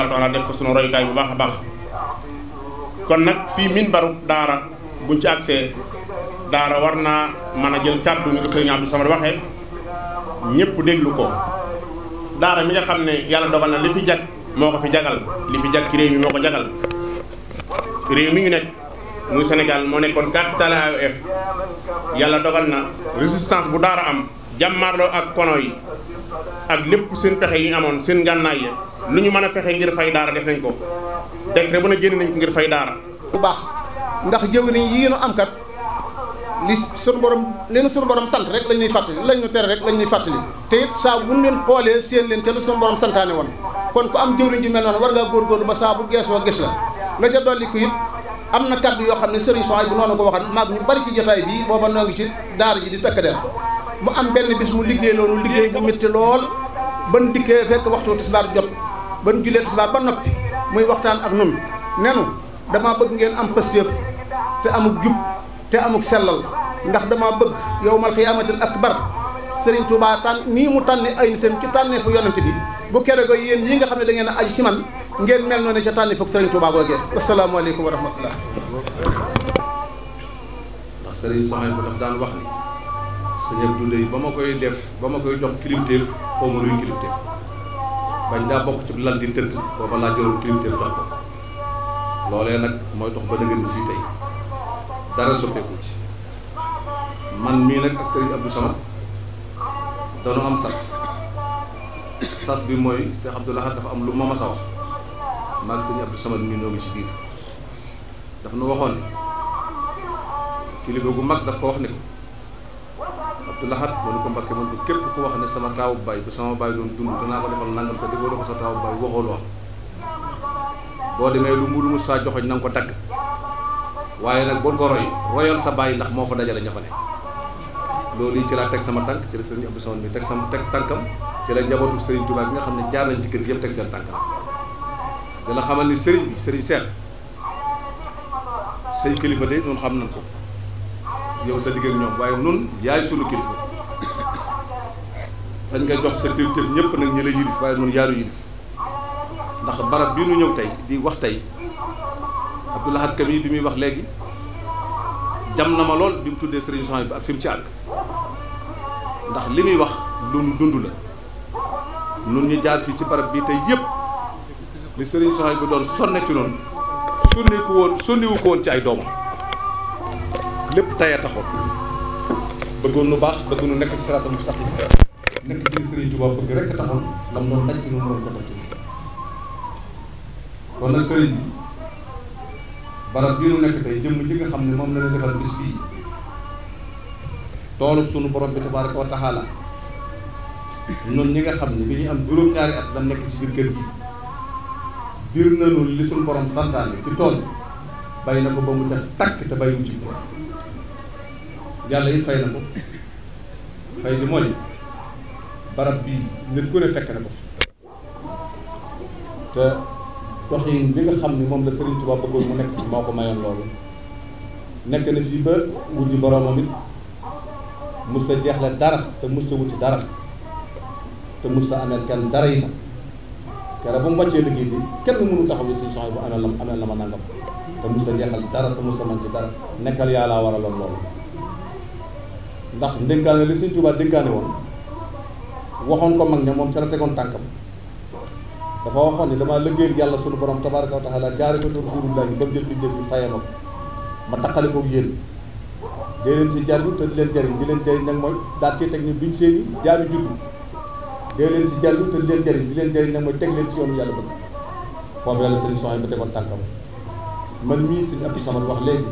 subhanahu wa taala ko sunu royukaay bu baax a baax kon nag fii minbaru daara bu ci accès daara war naa mën a jël kàddu ni ko sëriñ Abdou Samad waxee ñëpp déglu ko daara mi nga xam ne yàlla dogal na li fi jag moo ko fi jagal li jag ci réew mi moo ko jagal réew mi ñu nekk muy Sénégal moo nekkoon capital AOF e yàlla dogal na résistance bu daara am jàmmaarloo ak kono yi ak lépp seen pexe yi ñu amoon seen ngànnaay ya lu ñu mën a fexe ngir fay daara def nañ ko décret bu ne génn nañ ko ngir fay daara. bu baax ndax jëwriñ yi ñu am kat li sunu borom li nu sunu borom sant rek lañ ñuy fàttali lañ ñu tere rek lañ ñuy fàttali te saa bu ñu leen xoolee leen te lu sunu borom santaane woon kon ku am jëwriñ ju mel noonu war ngaa ba saabu bu geesoo gis la la ca dolli am na kaddu yoo xam ne sëriñ Soxaay bu noonu ko waxan maag ñu bari ci jotaay bii mu am benn bis mu liggéey loolu liggéey bu métti lool ban dikkee fekk waxtu tisbaar jot ban julee tisbaar ba noppi muy waxtaan ak nun nenu dama bëgg ngeen am pëstéef te amuk jub te amuk sellal ndax dama bëgg yawmal xiyaamatil akbar Sëriñ Tuubaa tànn nii mu tànne ay nitam ci tànnee fu yonent bi bu kere go yéen ñi nga xam ne da ngeen a aju ci man ngeen mel noonu ca tànne foog Sëriñ Tuubaa googee wasalaamaaleykum wa rahmatullah ndax sëriñ sëñ Abdou Dey ba ma koy def ba ma koy jox kilifteef xaw ma luy kilifteef bañ daa bokk ci lal di tëdd booba laa joroon kilifteef jox ko loolee nag mooy dox ba nëgën si tey dara ci man mii nag ak sëriñ Abdou Samad dañu am sas sas mooy Cheikh Abdou Lahad dafa am lu ma a wax maa ngi sëriñ Abdou Samad mii noo ngi ci nu waxoon kilifa gu mag daf ko wax ne Abdou Lahad ko Mbakke mu ne ko képp ku wax ne sama taawu baay bu sama baay doon dund danaa ko defal nangam ko defoo ko sa taawu baay waxoo lool boo demee lu mu lu mu saa joxoñ na nga ko dagg waaye nag boo ko roy royal sa baay ndax moo fa dajale ña fa ne loolu yi ci laa teg sama tànk ci la sëriñ Abdou Samad bi teg sama teg tànkam ci la njabootu sëriñ Touba yi nga xam ne jaar nañ ci kër gi yëpp teg seen tànkam dana xamal ni sëriñ bi sëriñ sëñ kilifa de noonu xam nañ ko yow sa liggéey ñoom waaye nun yaay sunu kilifa sañ nga jox sa kilifteef ñëpp nag ñi la yilif waaye nun yaaru yilif ndax barab bi nu ñëw tey di wax tey Abdou Lahad Ka bi muy wax léegi jam na ma lool bi tuddee sëriñ Soxna bi ak fi ci àgg ndax li muy wax lu nu dund la nun ñu jaar fi ci barab bi tey yëpp li sëriñ Soxna bi doon sonne ci noonu sonniku woon sonniwu ko woon ci ay doomam lépp tayee taxoon bëggoon nu baax bëggoon nu nekk ci siraatal mustaqim nekk ci Sëriñ Tuubaa bëgg rekk taxoon lam doon daj ci nu mu doon ko ci kon nag sëriñ bi barab bii nu nekk tey jëmm ji nga xam ne moom la ñu defal bis bii toolub sunu borom bi tabaaraka wa taala ñun ñi nga xam ne bi ñu am juróom-ñaari at la nekk ci biir gën gi biir nañu li suñu borom santaane ci tool bàyyi na ko ba mu def takk te bàyyiwul ci tool yàlla it fay na ko fay bi mooy barab bi nit ku ne fekk na ko fi te doxin bi nga xam ni moom la Serigne Touba bëggoon mu nekk moo ko mayoon loolu nekk na fi ba wuti boroomam it mus sa jeexle dara te mus sa wuti dara te mus sa ameel kenn dara yi keroog ba mu wàccee liggéey bi kenn mënu taxaw bi suñu soxla bu ameel la ameel la ma nangam te mus sa jeexal dara te mus sa man ci dara nekkal yàlla waraloon loolu. ndax ndénkaane li Sëñ Tuubaa dénkaane woon waxoon ko mag ne moom ca la tegoon tànkam dafa waxoon ne damaa lëggéeyal yàlla sunu borom tabaaraka wa taala jaare ko doon suuru ndax yi ba mu jël digg bi fayee ma ko ma taqale ko yéen dee leen si jariñu te di leen jariñ di leen jariñ nag mooy daal cee teg ne biñ leen si jariñu te di leen jariñ di leen jariñ nag mooy teg leen ci yoonu yàlla bëgg foofu yàlla sëriñ soxna ba tegoon tànkam man mii sëñ sama Samad wax léegi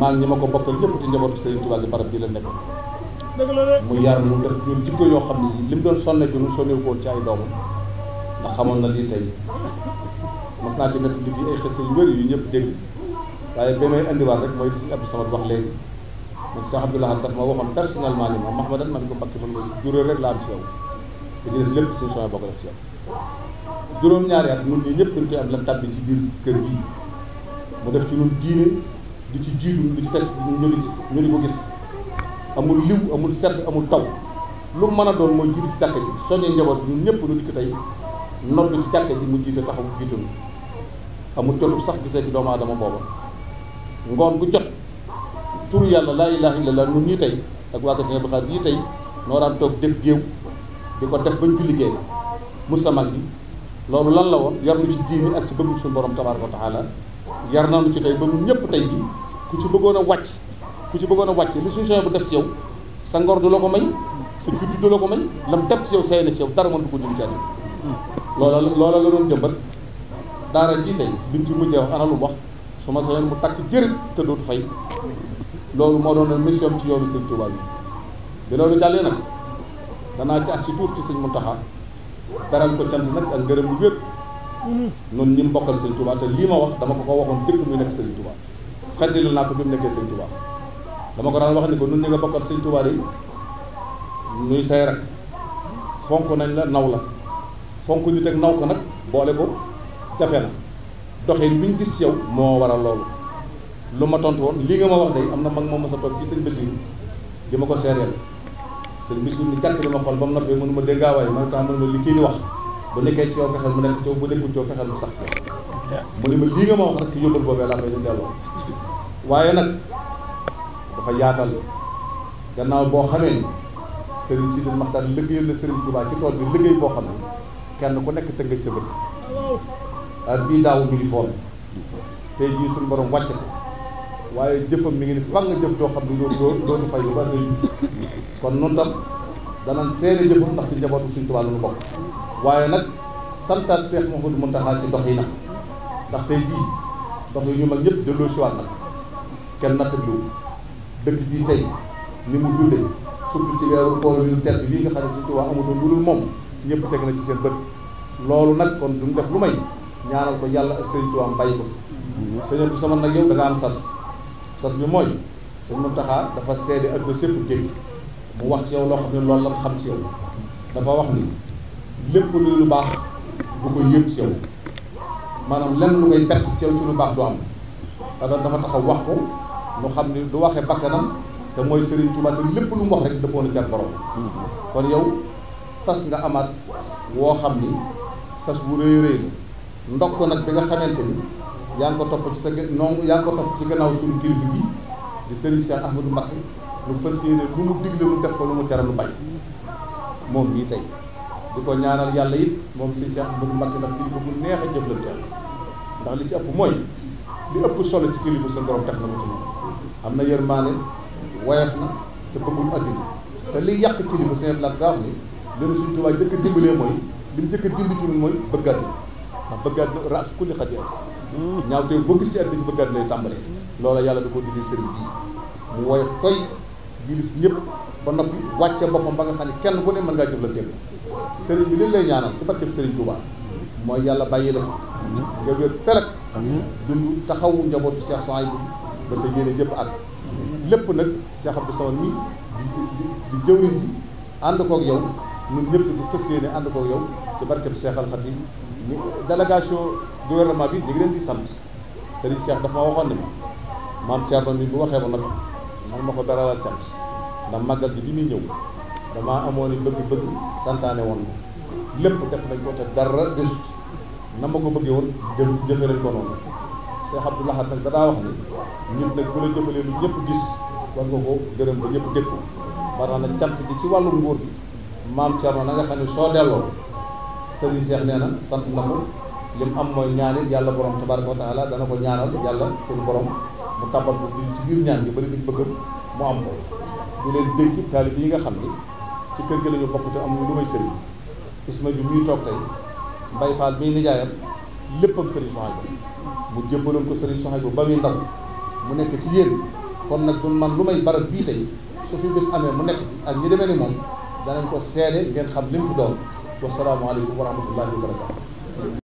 maag ñi ma ko bokkal ñëpp te njabootu Serigne Touba ci barab bii la nekk mu yar mu def ñun jikko yoo xam ne li mu doon sonne ci mu sonnewu ko woon ci ay doomam ndax xamoon na lii tey mas naa ci nekk di ay xës yu bëri yu ñëpp dégg waaye ba may andiwaat rek mooy si Abdou wax léegi man Cheikh Abdoulaye daf ma waxoon personnellement ni ma Mahmadan man ko bakki man ma juróom rek la am ci yow te ñu des lépp suñu boo ko def ci yow juróom-ñaari at ñun ñii ñëpp dañ koy am gi di ci jiitu di ci fekk ñu di ñu di ko gis amul liw amul sedd amul taw lu mën a doon mooy jiitu ci jàkka ji soññee njaboot bi ñun ñëpp ñu dikk tey noppi ci jàkka ji mu jiite taxaw jiitu amul jotu sax gisee ci doomu aadama booba ngoon bu jot turu yàlla laa ilaha illallah nun ñii tey ak waa Kasina Baxaar ñii tey noo daan toog def géew di ko def bañ julli géew musamal bi loolu lan la woon yar nu ci diini ak ci bëgg suñu borom tabaaraka wa taala naa nañu ci tey ba ñun ñëpp tey ji ku ci bëggoon a wàcc ku ci bëggoon a wàcc li suñu bu def ci yow sa ngor du la ko may sa juddu du la ko may lam def ci yow say na ci yow dara mën du ko jëm kenn loola loola la doon jëmbat daara jii tey liñ ci mujjee wax ana lu wax su ma sañoon mu takk jër te dootu fay loolu moo doon mission ci yoonu sëñ Tuubaa bi bi loolu jàllee nag danaa ci ak si tuur ci sëñ Muntaxa daral ko cant nag ak ngërëm lu wér noonu ñi mbokkal sëñ Tuubaa te lii ma wax dama ko ko waxoon jëkk fàttali naa ko bi mu nekkee sëñ Touba dama ko daan wax ni ko nun ñi nga bokkal sëñ Touba yi nuy say rak fonk nañ la naw la fonk ñu teg naw ko nag boole ko jafe na doxin bi ñu gis yow moo a loolu lu ma tontu woon lii nga ma wax day am na mag ma mos a toog ci sëñ Bassirou di ma ko seereel sëñ Bassirou ni jàkk li ma xool ba mu noppee mënu ma man ah, temps mënu ma kii ni wax bu nekkee ci yow fexeel mu nekk ci yow bu nekkul ci yow fexeel mu sax waaye nag dafa yaatal gannaaw boo xamee ni Serigne Sidi Maxtaar liggéeyal na Serigne Touba ci tool bi liggéey boo xam ne kenn ku nekk tënk sa bët ak bii daaw mi ngi foon borom wàcc ko mi ngi ni fang jëf doo xam ne loolu doo dootu fay kon noonu tam danañ seeni jëfam ndax ci njabootu Serigne Touba la ñu bokk waaye nag santaat Seex Mouhamadou Mountakha ci dox yi nag ndax tey jii dox yi ñu mag ñëpp delloo si nag kenn nattabliwu dëkk bi tey ni mu dundee surtout ci weeru koor yu tedd lii nga xam ne si Tuubaa amutoon lu dul moom ñëpp teg na ci seen bët loolu nag kon duñ def lu may ñaanal ko yàlla ak sëriñ Tuubaa bàyyi ko fi sama Abdou Samane nag yow da nga am sas sas bi mooy dafa seede ak ba sépp géej mu wax ci yow loo xam ne loolu la xam ci yow dafa wax ni lépp luy lu baax bu ko yëg ci yow maanaam lenn lu koy perte ci ci lu baax du am te dafa taxaw wax ko lu xam ni du waxe bakkanam te mooy Serigne Touba te lépp lu mu wax rek dëppoo na jar borom kon yow sas nga amaat woo xam ni sas bu rëy rëy la ndox ko nag bi nga xamante ni yaa ngi ko topp ci sa noonu yaa ko topp ci gannaaw suñu kilifa bi di Serigne Cheikh Ahmadou Mbacké lu fas yéene lu mu digle lu def ko lu mu tere lu bañ moom bii tey di ko ñaanal yàlla it moom Serigne Cheikh Ahmadou Mbacké ndax kilifa bu neex a jëflanteel ndax li ci ëpp mooy li ëpp solo ci kilifa sa borom def na am na yërmaane woyof na te bëggul adduna te liy yàq kilifa seen laaj daa wax ni loolu suñu tubaab jëkk a dimbalee mooy li mu jëkk a dimbali ci mooy bëggaat ndax bëggaat na raas ku li xajee ñaaw tey boo gis si àdduna ci bëggaat lay tàmbalee loola yàlla da ko dindi sëriñ bii mu woyof koy jilif ñëpp ba noppi wàcce boppam ba nga xam ne kenn ku ne mën ngaa jëflante sëriñ bi li lay ñaanal ci barkeb sëriñ Tuubaa mooy yàlla bàyyi la nga wér pelek dund taxawu njabootu Cheikh ba sa yéene jëpp ak lépp nag Cheikh Abdou Samad mi di di jëwriñ ji ànd koog yow ñun ñëpp di fas yéene ànd koog yow ci barkeb seexal Al Khadim ñu délégation gouvernement bi di ngi leen di sant Serigne Cheikh dafa ma waxoon ne ma maam Thierno bi bu waxee ba nag man ma ko beralal cant ndax màggal gi bi muy ñëw dama amoon i bëgg-bëgg santaane woon lépp def nañ ko te dara desut na ma ko bëggee woon jëf jëfe nañ ko noonu. Cheikh Abdou Lahad nag danaa wax ni nit nag bu la jëfalee lu ñëpp gis war nga ko gërëm ba ñëpp dégg ko maanaam nag cant gi ci wàllu nguur gi maam Thierno na nga xam ne soo delloo sëriñ Cheikh nee na sant na ko li mu am mooy ñaanit yàlla borom tabaraka wa taala dana ko ñaanal yàlla suñu borom mu tàbbal ko ci biir ñaan gi bari duñ bëgg mu am ko di leen dénk taalib yi nga xam ne ci kër gi lañu bokk te amuñu lu may sëriñ gis na ju muy toog tey mbay faal miy nijaayam léppam sëriñ Sohaybu mu jébbaloon ko sëriñ Soxaybu ba muy ndaw mu nekk ci yéen kon nag dun man lu may barab bii tey su fi bés amee mu nekk ak ñi demee ni moom danañ ko seede ngeen xam li mu fi doon wasalaamualeykum wa rahmatullahi wa barakatu